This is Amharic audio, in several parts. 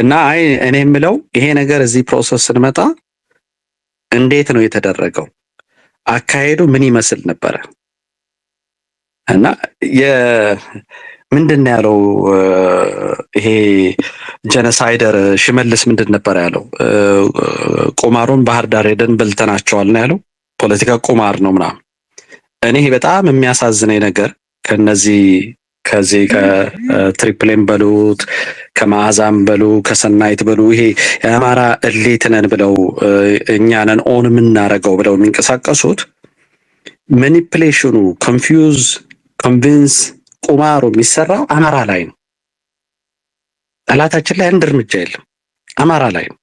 እና አይ እኔ የምለው ይሄ ነገር እዚህ ፕሮሰስ ስንመጣ እንዴት ነው የተደረገው? አካሄዱ ምን ይመስል ነበረ? እና ምንድን ያለው? ይሄ ጀነሳይደር ሽመልስ ምንድን ነበር ያለው? ቁማሩን ባህር ዳር ሄደን በልተናቸዋል ነው ያለው። ፖለቲካ ቁማር ነው ምናምን። እኔ በጣም የሚያሳዝነኝ ነገር ከነዚህ ከዚህ ከትሪፕሌን በሉት ከመዓዛም በሉ ከሰናይት በሉ ይሄ የአማራ እሌት ነን ብለው እኛንን ኦን የምናደርገው ብለው የሚንቀሳቀሱት ማኒፕሌሽኑ ኮንፊውዝ ኮንቪንስ ቁማሩ የሚሰራው አማራ ላይ ነው። ጠላታችን ላይ አንድ እርምጃ የለም፣ አማራ ላይ ነው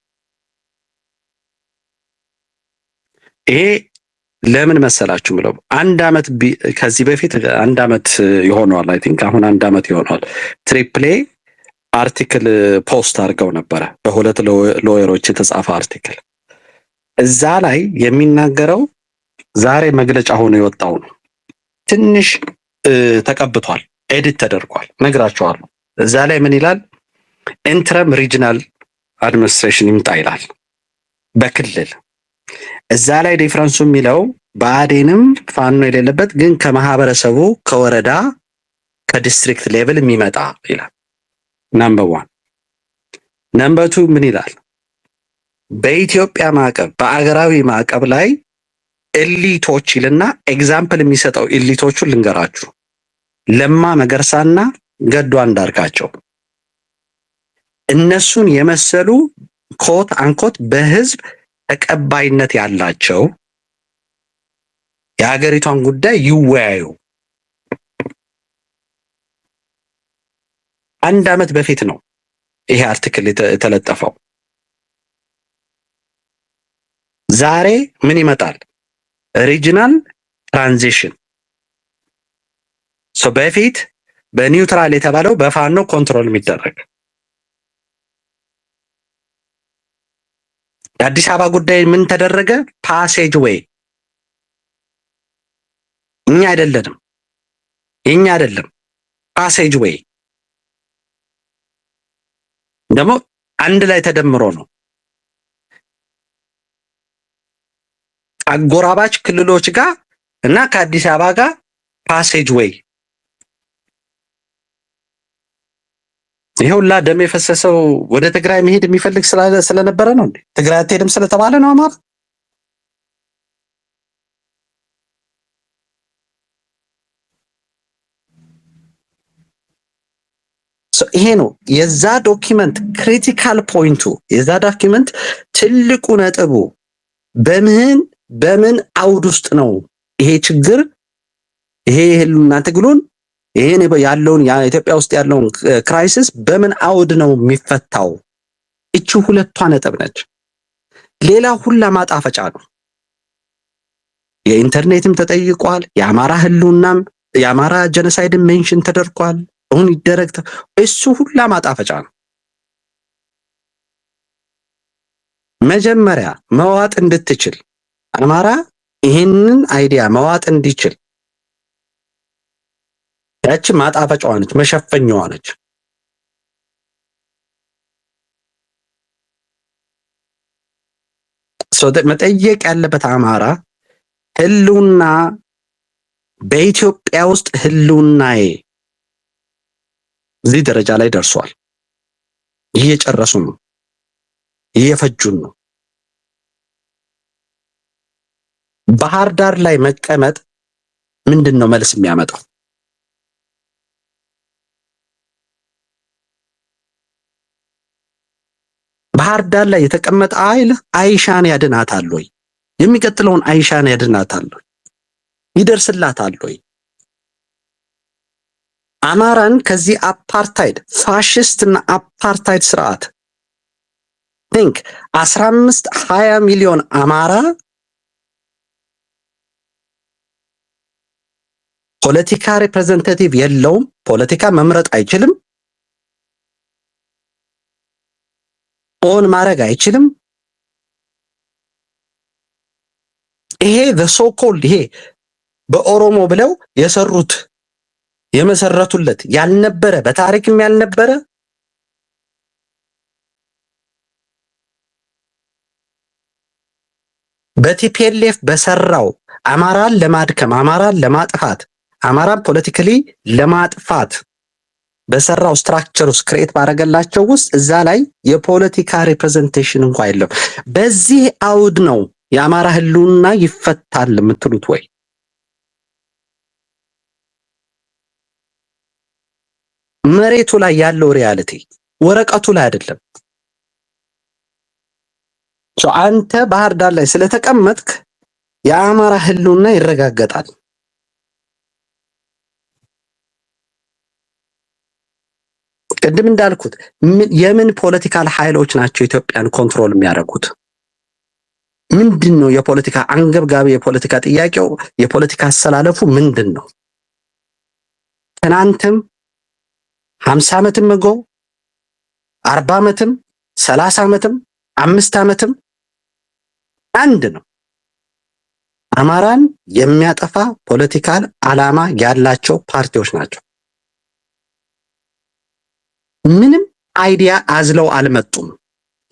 ይሄ ለምን መሰላችሁ ብለው አንድ አመት ከዚህ በፊት አንድ አመት ይሆነዋል፣ አይ ቲንክ አሁን አንድ አመት ይሆነዋል። ትሪፕሌ አርቲክል ፖስት አድርገው ነበረ በሁለት ሎየሮች የተጻፈ አርቲክል። እዛ ላይ የሚናገረው ዛሬ መግለጫ ሆኖ የወጣው ነው። ትንሽ ተቀብቷል፣ ኤዲት ተደርጓል። ነግራችኋለሁ። እዛ ላይ ምን ይላል? ኢንትረም ሪጅናል አድሚኒስትሬሽን ይምጣ ይላል በክልል እዛ ላይ ዲፍረንሱ የሚለው በአዴንም ፋኖ የሌለበት ግን ከማህበረሰቡ ከወረዳ ከዲስትሪክት ሌቭል የሚመጣ ይላል። ነምበር ዋን። ነምበር ቱ ምን ይላል? በኢትዮጵያ ማዕቀብ በአገራዊ ማዕቀብ ላይ ኤሊቶች ይልና ኤግዛምፕል የሚሰጠው ኤሊቶቹን ልንገራችሁ። ለማ መገርሳና ገዱ አንዳርጋቸው እነሱን የመሰሉ ኮት አንኮት በህዝብ ተቀባይነት ያላቸው የሀገሪቷን ጉዳይ ይወያዩ። አንድ ዓመት በፊት ነው ይሄ አርቲክል የተለጠፈው። ዛሬ ምን ይመጣል? ሪጅናል ትራንዚሽን በፊት በኒውትራል የተባለው በፋኖ ኮንትሮል የሚደረግ የአዲስ አበባ ጉዳይ ምን ተደረገ? ፓሴጅ ወይ እኛ አይደለንም፣ የኛ አይደለም። ፓሴጅ ዌይ ደግሞ አንድ ላይ ተደምሮ ነው። አጎራባች ክልሎች ጋር እና ከአዲስ አበባ ጋር ፓሴጅ ወይ ይሄ ሁላ ደም የፈሰሰው ወደ ትግራይ መሄድ የሚፈልግ ስለነበረ ነው እንዴ? ትግራይ አትሄድም ስለተባለ ነው አማራ ይሄ ነው የዛ ዶኪመንት ክሪቲካል ፖይንቱ። የዛ ዶኪመንት ትልቁ ነጥቡ በምን በምን አውድ ውስጥ ነው ይሄ ችግር ይሄ የህልውና ትግሉን ይሄን ያለውን ኢትዮጵያ ውስጥ ያለውን ክራይሲስ በምን አውድ ነው የሚፈታው? እቺ ሁለቷ ነጥብ ነች። ሌላ ሁላ ማጣፈጫ ነው። የኢንተርኔትም ተጠይቋል። የአማራ ህልውናም የአማራ ጀነሳይድን ሜንሽን ተደርጓል። አሁን ይደረግ እሱ ሁላ ማጣፈጫ ነው። መጀመሪያ መዋጥ እንድትችል አማራ ይሄንን አይዲያ መዋጥ እንዲችል ያቺ ማጣፈጫዋ ነች፣ መሸፈኛዋ ነች። መጠየቅ ያለበት አማራ ህልውና በኢትዮጵያ ውስጥ ህልውናዬ እዚህ ደረጃ ላይ ደርሷል። እየጨረሱ፣ ነው፣ እየፈጁን ነው። ባህር ዳር ላይ መቀመጥ ምንድን ነው መልስ የሚያመጣው? ባህር ዳር ላይ የተቀመጠ ኃይል አይሻን ያድናታል ወይ? የሚቀጥለውን አይሻን ያድናታል ወይ? ይደርስላታል ወይ? አማራን ከዚህ አፓርታይድ እና አፓርታይድ ስርዓት ቲንክ 15 20 ሚሊዮን አማራ ፖለቲካ ሪፕሬዘንታቲቭ የለውም። ፖለቲካ መምረጥ አይችልም። ኦን ማድረግ አይችልም። ይሄ ኮልድ ይሄ በኦሮሞ ብለው የሰሩት የመሰረቱለት ያልነበረ በታሪክም ያልነበረ በቲፒኤልኤፍ በሰራው አማራን ለማድከም አማራን ለማጥፋት አማራን ፖለቲካሊ ለማጥፋት በሰራው ስትራክቸር ውስጥ ክሬት ባደረገላቸው ውስጥ እዛ ላይ የፖለቲካ ሪፕሬዘንቴሽን እንኳ የለም። በዚህ አውድ ነው የአማራ ህልውና ይፈታል የምትሉት ወይ? መሬቱ ላይ ያለው ሪያልቲ ወረቀቱ ላይ አይደለም። አንተ ባህር ዳር ላይ ስለተቀመጥክ የአማራ ህልውና ይረጋገጣል። ቅድም እንዳልኩት የምን ፖለቲካል ኃይሎች ናቸው ኢትዮጵያን ኮንትሮል የሚያደርጉት? ምንድን ነው የፖለቲካ አንገብጋቢ የፖለቲካ ጥያቄው? የፖለቲካ አሰላለፉ ምንድን ነው? ትናንትም ሀምሳ ዓመትም እጎ አርባ ዓመትም ሰላሳ ዓመትም አምስት ዓመትም አንድ ነው። አማራን የሚያጠፋ ፖለቲካል ዓላማ ያላቸው ፓርቲዎች ናቸው። ምንም አይዲያ አዝለው አልመጡም።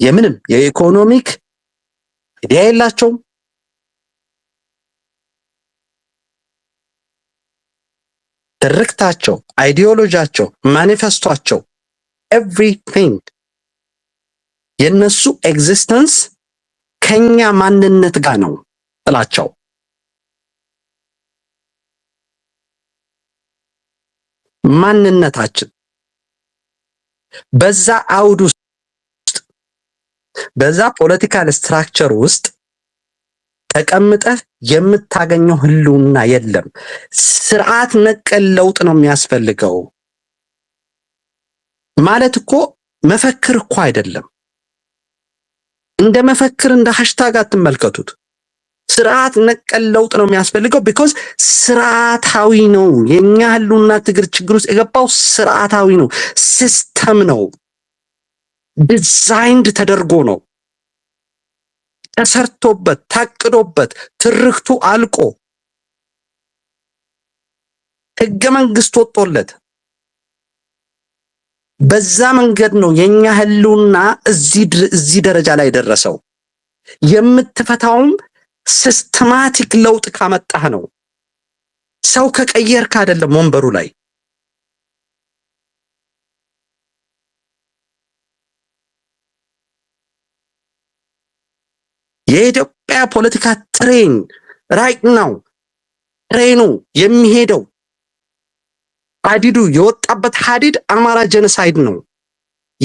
የምንም የኢኮኖሚክ አይዲያ የላቸውም። ትርክታቸው፣ አይዲዮሎጂያቸው፣ ማኒፌስቶቸው ኤቭሪቲንግ የነሱ ኤግዚስተንስ ከኛ ማንነት ጋር ነው ጥላቸው። ማንነታችን በዛ አውድ ውስጥ በዛ ፖለቲካል ስትራክቸር ውስጥ ተቀምጠህ የምታገኘው ህልውና የለም። ስርዓት ነቀል ለውጥ ነው የሚያስፈልገው። ማለት እኮ መፈክር እኮ አይደለም። እንደ መፈክር እንደ ሃሽታግ አትመልከቱት። ስርዓት ነቀል ለውጥ ነው የሚያስፈልገው። ቢኮዝ ስርዓታዊ ነው። የኛ ህልውና ትግር ችግር ውስጥ የገባው ስርዓታዊ ነው፣ ሲስተም ነው፣ ዲዛይንድ ተደርጎ ነው፣ ተሰርቶበት ታቅዶበት፣ ትርክቱ አልቆ ህገ መንግስት ወጦለት በዛ መንገድ ነው የኛ ህልውና እዚህ ደረጃ ላይ ደረሰው። የምትፈታውም ሲስተማቲክ ለውጥ ካመጣህ ነው። ሰው ከቀየርክ አይደለም ወንበሩ ላይ የኢትዮጵያ ፖለቲካ ትሬን ራይት ነው። ትሬኑ የሚሄደው ሀዲዱ የወጣበት ሀዲድ አማራ ጀነሳይድ ነው።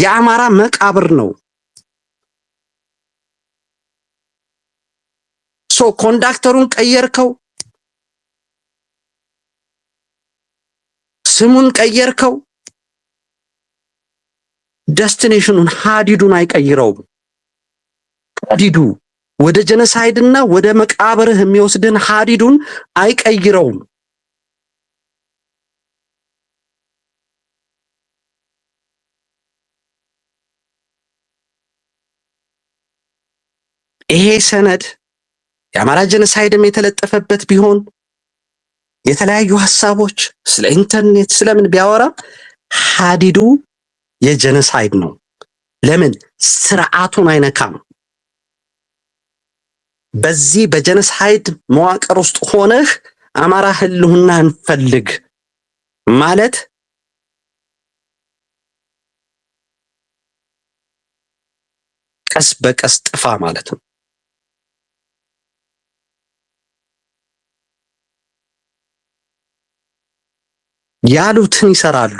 የአማራ መቃብር ነው። ሶ ኮንዳክተሩን ቀየርከው፣ ስሙን ቀየርከው፣ ደስቲኔሽኑን ሀዲዱን አይቀይረውም። ሀዲዱ ወደ ጀነሳይድና ወደ መቃብርህ የሚወስድን ሀዲዱን አይቀይረውም። ይሄ ሰነድ የአማራ ጀነሳይድም የተለጠፈበት ቢሆን የተለያዩ ሀሳቦች ስለ ኢንተርኔት ስለምን ቢያወራ ሀዲዱ የጀነሳይድ ነው። ለምን ስርዓቱን አይነካም። በዚህ በጀነሳይድ መዋቅር ውስጥ ሆነህ አማራ ህልውና እንፈልግ ማለት ቀስ በቀስ ጥፋ ማለት ነው። ያሉትን ይሰራሉ።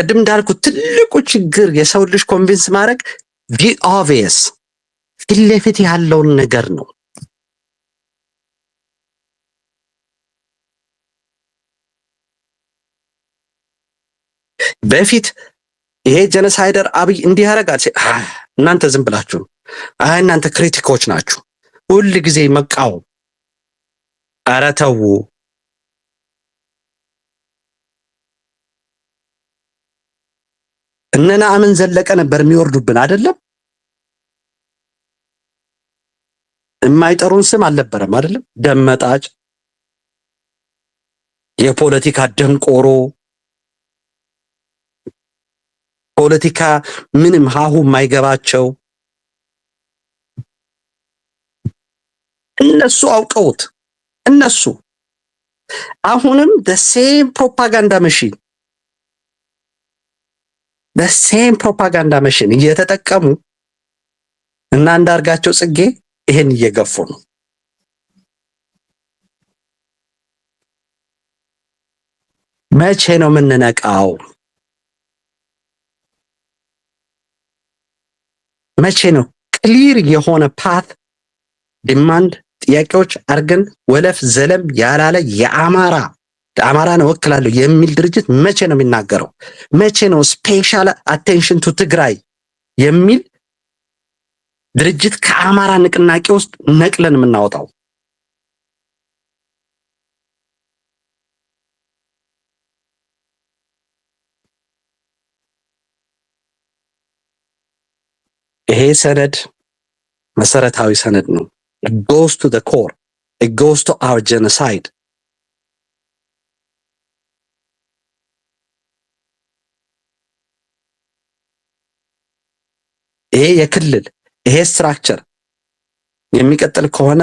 ቅድም እንዳልኩት ትልቁ ችግር የሰው ልጅ ኮንቪንስ ማድረግ ዲ ኦቪየስ ፊት ለፊት ያለውን ነገር ነው። በፊት ይሄ ጀነሳይደር አብይ እንዲህ ያደርጋል። እናንተ ዝም ብላችሁ አይ እናንተ ክሪቲኮች ናችሁ ሁል ጊዜ መቃወም ኧረ ተው እነ ነአምን ዘለቀ ነበር የሚወርዱብን አይደለም። የማይጠሩን ስም አልነበረም አይደለም። ደመጣጭ፣ የፖለቲካ ደንቆሮ፣ ፖለቲካ ምንም ሀሁ የማይገባቸው እነሱ አውቀውት እነሱ አሁንም ደሴም ፕሮፓጋንዳ መሽን ደሴም ፕሮፓጋንዳ መሽን እየተጠቀሙ እና እንዳርጋቸው ጽጌ ይሄን እየገፉ ነው። መቼ ነው የምንነቃው? መቼ ነው ክሊር የሆነ ፓት ዲማንድ ጥያቄዎች አድርገን ወለፍ ዘለም ያላለ የአማራ አማራን እወክላለሁ የሚል ድርጅት መቼ ነው የሚናገረው? መቼ ነው ስፔሻል አቴንሽን ቱ ትግራይ የሚል ድርጅት ከአማራ ንቅናቄ ውስጥ ነቅለን የምናወጣው? ይሄ ሰነድ መሰረታዊ ሰነድ ነው። It goes to the core. It goes to our genocide. ይሄ የክልል ይሄ ስትራክቸር የሚቀጥል ከሆነ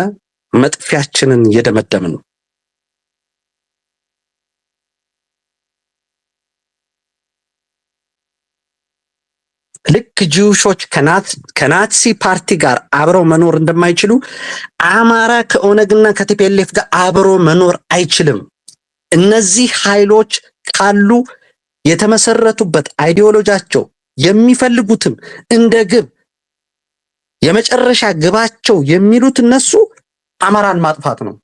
መጥፊያችንን እየደመደምን ነው። ልክ ጂውሾች ከናሲ ፓርቲ ጋር አብረው መኖር እንደማይችሉ አማራ ከኦነግና ከቲፒኤልኤፍ ጋር አብሮ መኖር አይችልም። እነዚህ ኃይሎች ካሉ የተመሰረቱበት አይዲዮሎጂያቸው የሚፈልጉትም እንደ ግብ የመጨረሻ ግባቸው የሚሉት እነሱ አማራን ማጥፋት ነው።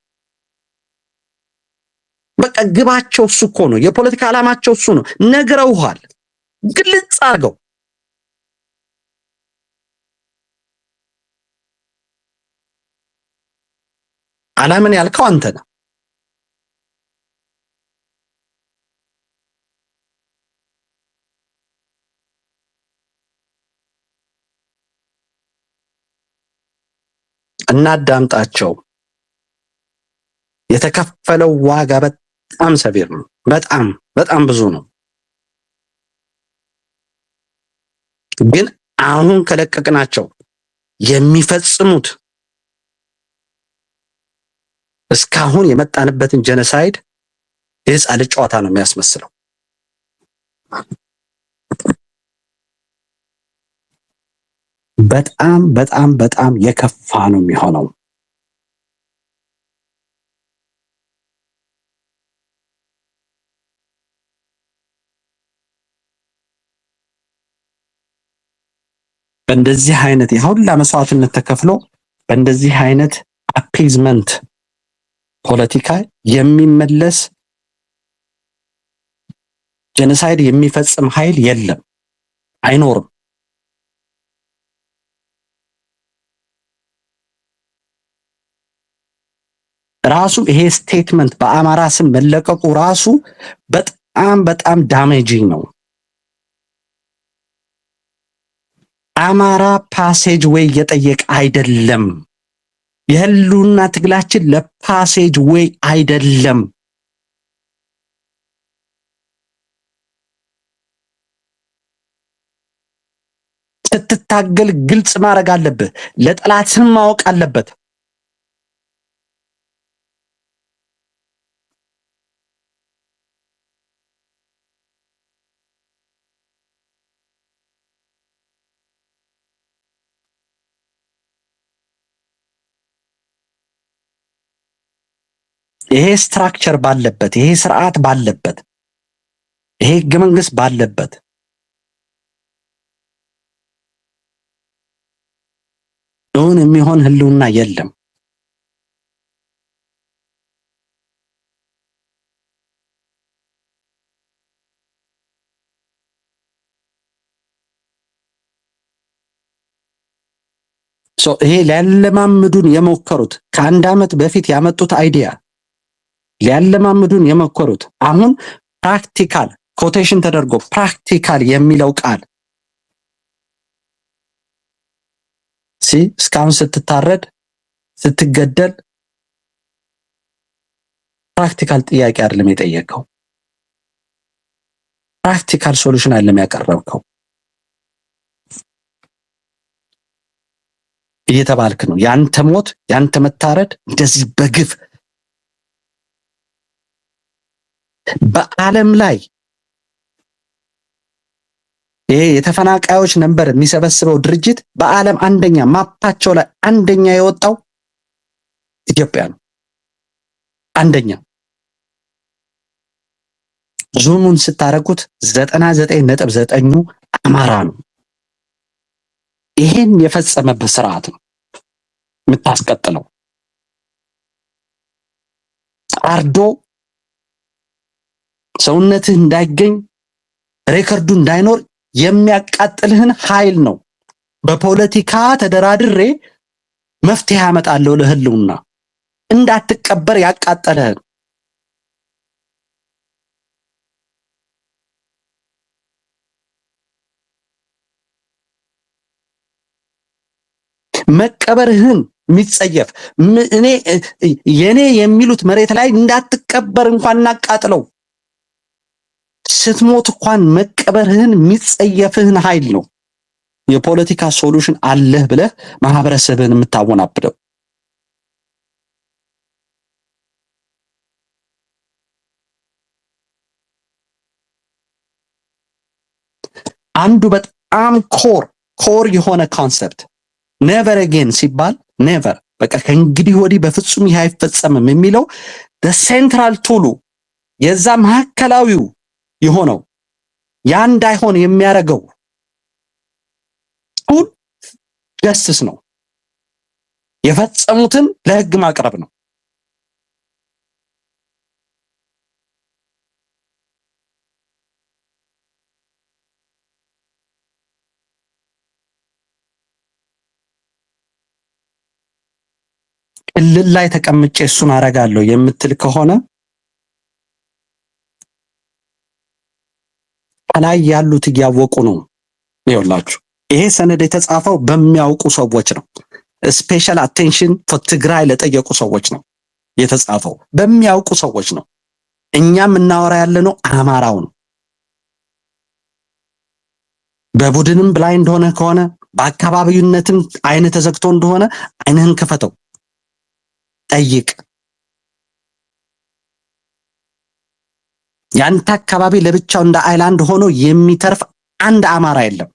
በቃ ግባቸው እሱ እኮ ነው። የፖለቲካ ዓላማቸው እሱ ነው። ነግረውሃል፣ ግልጽ አድርገው ዓላምን ያልከው አንተ ነህ። እናዳምጣቸው። የተከፈለው ዋጋ በጣም ሰቢር ነው። በጣም በጣም ብዙ ነው። ግን አሁን ከለቀቅናቸው የሚፈጽሙት እስካሁን የመጣንበትን ጀነሳይድ የህፃን ጨዋታ ነው የሚያስመስለው። በጣም በጣም በጣም የከፋ ነው የሚሆነው። በእንደዚህ አይነት የሁላ መስዋዕትነት ተከፍሎ በእንደዚህ አይነት አፔዝመንት ፖለቲካ የሚመለስ ጀነሳይድ የሚፈጽም ኃይል የለም፣ አይኖርም። ራሱ ይሄ ስቴትመንት በአማራ ስም መለቀቁ ራሱ በጣም በጣም ዳሜጂንግ ነው። አማራ ፓሴጅ ወይ እየጠየቀ አይደለም። የህልውና ትግላችን ለፓሴጅ ወይ አይደለም። ስትታገል ግልጽ ማድረግ አለብህ። ለጠላትም ማወቅ አለበት። ይሄ ስትራክቸር ባለበት፣ ይሄ ስርዓት ባለበት፣ ይሄ ህገ መንግስት ባለበት እውን የሚሆን ህልውና የለም። ይሄ ሊያለማምዱን የሞከሩት ከአንድ ዓመት በፊት ያመጡት አይዲያ ሊያለማምዱን የመኮሩት አሁን ፕራክቲካል ኮቴሽን ተደርጎ ፕራክቲካል የሚለው ቃል ሲ እስካሁን ስትታረድ ስትገደል ፕራክቲካል ጥያቄ አይደለም የጠየቀው፣ ፕራክቲካል ሶሉሽን አይደለም ያቀረብከው እየተባልክ ነው። ያንተ ሞት ያንተ መታረድ እንደዚህ በግፍ በዓለም ላይ ይሄ የተፈናቃዮች ነበር የሚሰበስበው ድርጅት በዓለም አንደኛ ማፓቸው ላይ አንደኛ የወጣው ኢትዮጵያ ነው። አንደኛ ዙሙን ስታረጉት ዘጠና ዘጠኝ ነጥብ ዘጠኙ አማራ ነው። ይሄን የፈጸመበት ስርዓት ነው የምታስቀጥለው አርዶ ሰውነትህ እንዳይገኝ ሬከርዱ እንዳይኖር የሚያቃጥልህን ኃይል ነው። በፖለቲካ ተደራድሬ መፍትሄ ያመጣለሁ ለህልውና እንዳትቀበር ያቃጠለህን መቀበርህን የሚጸየፍ እኔ የኔ የሚሉት መሬት ላይ እንዳትቀበር እንኳን እናቃጥለው። ስትሞት እንኳን መቀበርህን የሚጸየፍህን ኃይል ነው የፖለቲካ ሶሉሽን አለህ ብለህ ማህበረሰብህን የምታወናብደው። አንዱ በጣም ኮር ኮር የሆነ ኮንሰፕት ኔቨር አጌን ሲባል ኔቨር በቃ ከእንግዲህ ወዲህ በፍጹም ይህ አይፈጸምም የሚለው ሴንትራል ቱሉ የዛ ማዕከላዊው የሆነው ያ እንዳይሆን የሚያደርገው ሁሉ ደስስ ነው። የፈጸሙትን ለህግ ማቅረብ ነው። ክልል ላይ ተቀምጬ እሱን አደርጋለሁ የምትል ከሆነ ከላይ ያሉት እያወቁ ነው። ይኸውላችሁ ይሄ ሰነድ የተጻፈው በሚያውቁ ሰዎች ነው። ስፔሻል አቴንሽን ፎር ትግራይ ለጠየቁ ሰዎች ነው የተጻፈው፣ በሚያውቁ ሰዎች ነው። እኛም እናወራ ያለነው አማራው ነው። በቡድንም ብላይ እንደሆነ ከሆነ በአካባቢነትም አይን ተዘግቶ እንደሆነ አይንህን ክፈተው፣ ጠይቅ። ያንተ አካባቢ ለብቻው እንደ አይላንድ ሆኖ የሚተርፍ አንድ አማራ የለም።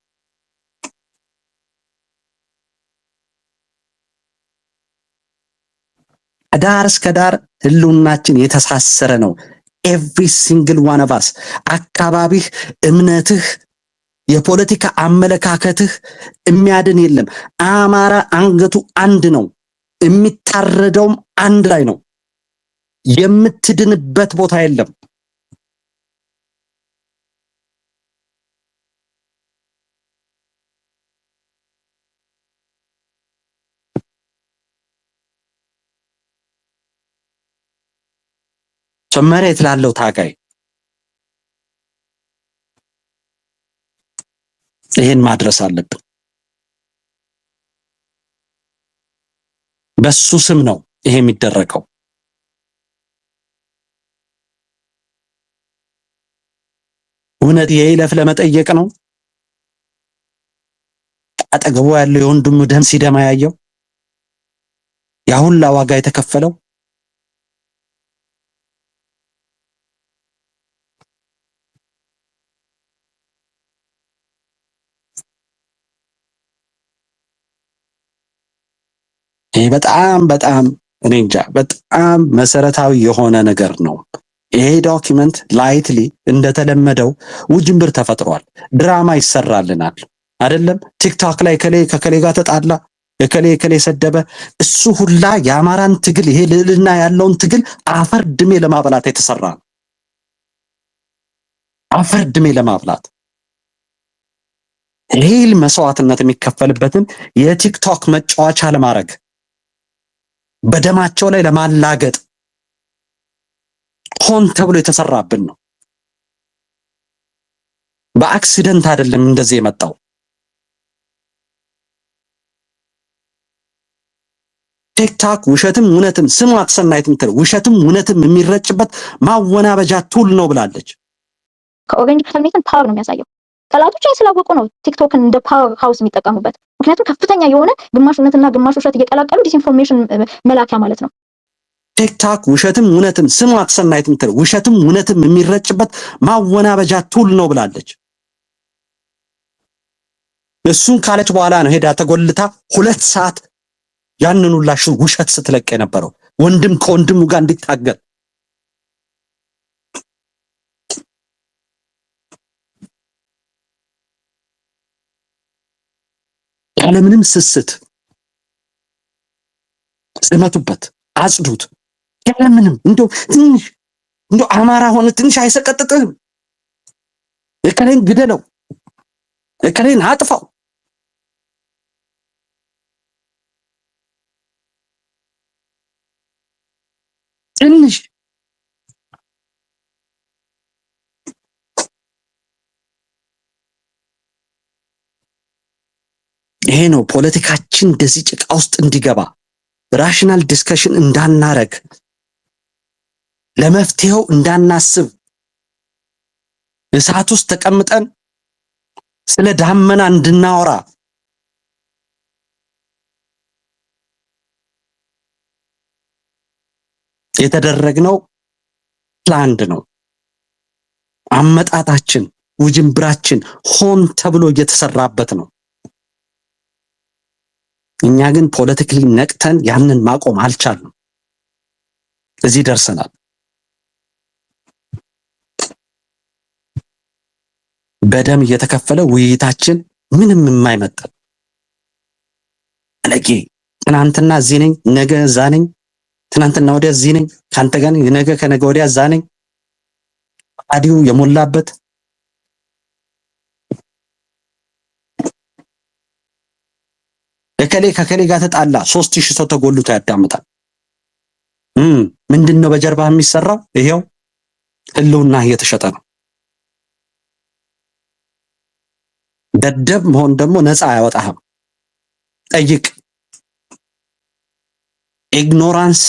ዳር እስከ ዳር ህልውናችን የተሳሰረ ነው። ኤቭሪ ሲንግል ዋን ኦፍ አስ አካባቢህ፣ እምነትህ፣ የፖለቲካ አመለካከትህ የሚያድን የለም። አማራ አንገቱ አንድ ነው፣ የሚታረደውም አንድ ላይ ነው። የምትድንበት ቦታ የለም። መሬት ላለው ታጋይ ይህን ማድረስ አለብን። በሱ ስም ነው ይሄ የሚደረገው። እውነት የይለፍ ለመጠየቅ ነው። አጠገቡ ያለው የወንድሙ ደም ሲደማ ያየው ያሁን ለዋጋ ዋጋ የተከፈለው በጣም በጣም እኔ እንጃ በጣም መሰረታዊ የሆነ ነገር ነው። ይሄ ዶኪመንት ላይትሊ እንደተለመደው ውጅንብር ተፈጥሯል፣ ድራማ ይሰራልናል አይደለም። ቲክቶክ ላይ ከሌ ከከሌ ጋር ተጣላ፣ ከሌ ከሌ ሰደበ። እሱ ሁላ የአማራን ትግል ይሄ ልዕልና ያለውን ትግል አፈር ድሜ ለማብላት የተሰራ ነው። አፈር ድሜ ለማብላት ሌል መስዋዕትነት የሚከፈልበትን የቲክቶክ መጫወቻ ለማድረግ በደማቸው ላይ ለማላገጥ ሆን ተብሎ የተሰራብን ነው። በአክሲደንት አይደለም እንደዚህ የመጣው። ቲክታክ ውሸትም እውነትም ስሙ አትሰናይት ምትል ውሸትም እውነትም የሚረጭበት ማወናበጃ ቱል ነው ብላለች። ከኦሬንጅ ፓወር ነው የሚያሳየው ጠላቶች ስላወቁ ነው ቲክቶክን እንደ ፓወር ሃውስ የሚጠቀሙበት። ምክንያቱም ከፍተኛ የሆነ ግማሽ እውነትና ግማሽ ውሸት እየቀላቀሉ ዲስኢንፎርሜሽን መላኪያ ማለት ነው። ቲክቶክ ውሸትም እውነትም ስሙ አትሰናይት ምትል ውሸትም እውነትም የሚረጭበት ማወናበጃ ቱል ነው ብላለች። እሱን ካለች በኋላ ነው ሄዳ ተጎልታ ሁለት ሰዓት ያንኑላሽ ውሸት ስትለቅ የነበረው ወንድም ከወንድሙ ጋር እንዲታገል ያለምንም ስስት ጽመቱበት፣ አጽዱት። ያለምንም እንደው ትንሽ እንደው አማራ ሆነ ትንሽ አይሰቀጥጥህም። እከሌን ግደለው፣ እከሌን አጥፋው ትንሽ ይሄ ነው ፖለቲካችን እንደዚህ ጭቃ ውስጥ እንዲገባ ራሽናል ዲስከሽን እንዳናረግ ለመፍትሄው እንዳናስብ እሳት ውስጥ ተቀምጠን ስለ ዳመና እንድናወራ የተደረግነው ፕላንድ ነው። አመጣጣችን ውጅንብራችን ሆን ተብሎ እየተሰራበት ነው። እኛ ግን ፖለቲክሊ ነቅተን ያንን ማቆም አልቻልንም። እዚህ ደርሰናል። በደም እየተከፈለ ውይይታችን ምንም የማይመጠን አለቂ። ትናንትና እዚህ ነኝ፣ ነገ እዛ ነኝ፣ ትናንትና ወዲያ እዚህ ነኝ፣ ከአንተ ጋር ነገ ከነገ ወዲያ እዛ ነኝ፣ አዲው የሞላበት እከሌ ከከሌ ጋር ተጣላ፣ ሶስት ሺህ ሰው ተጎልቶ ያዳምጣል። ምንድን ነው በጀርባ የሚሰራው? ይሄው ህልውና እየተሸጠ ነው። ደደብ መሆን ደግሞ ነፃ አያወጣህም። ጠይቅ። ኢግኖራንስ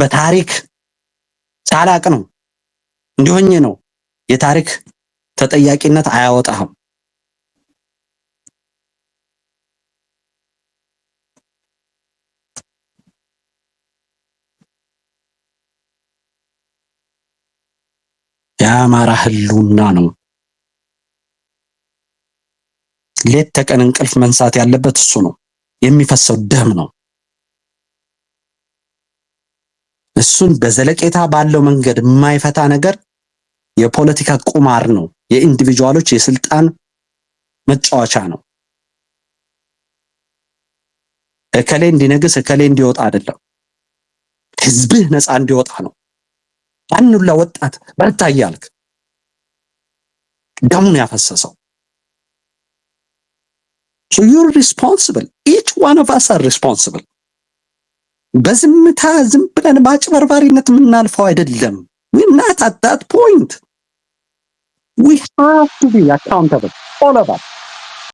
በታሪክ ሳላቅ ነው እንዲሆኝ ነው። የታሪክ ተጠያቂነት አያወጣህም። የአማራ ህልውና ነው። ሌት ተቀን እንቅልፍ መንሳት ያለበት እሱ ነው። የሚፈሰው ደም ነው። እሱን በዘለቄታ ባለው መንገድ የማይፈታ ነገር የፖለቲካ ቁማር ነው። የኢንዲቪጁዋሎች የስልጣን መጫወቻ ነው። እከሌ እንዲነግስ እከሌ እንዲወጣ አይደለም፣ ህዝብህ ነፃ እንዲወጣ ነው። ያን ሁላ ወጣት በርታ እያልክ ደሙን ያፈሰሰው so you're responsible each one of us are responsible በዝምታ ዝም ብለን በአጭበርባሪነት የምናልፈው አይደለም። ዊር not at that point we have to be accountable all of us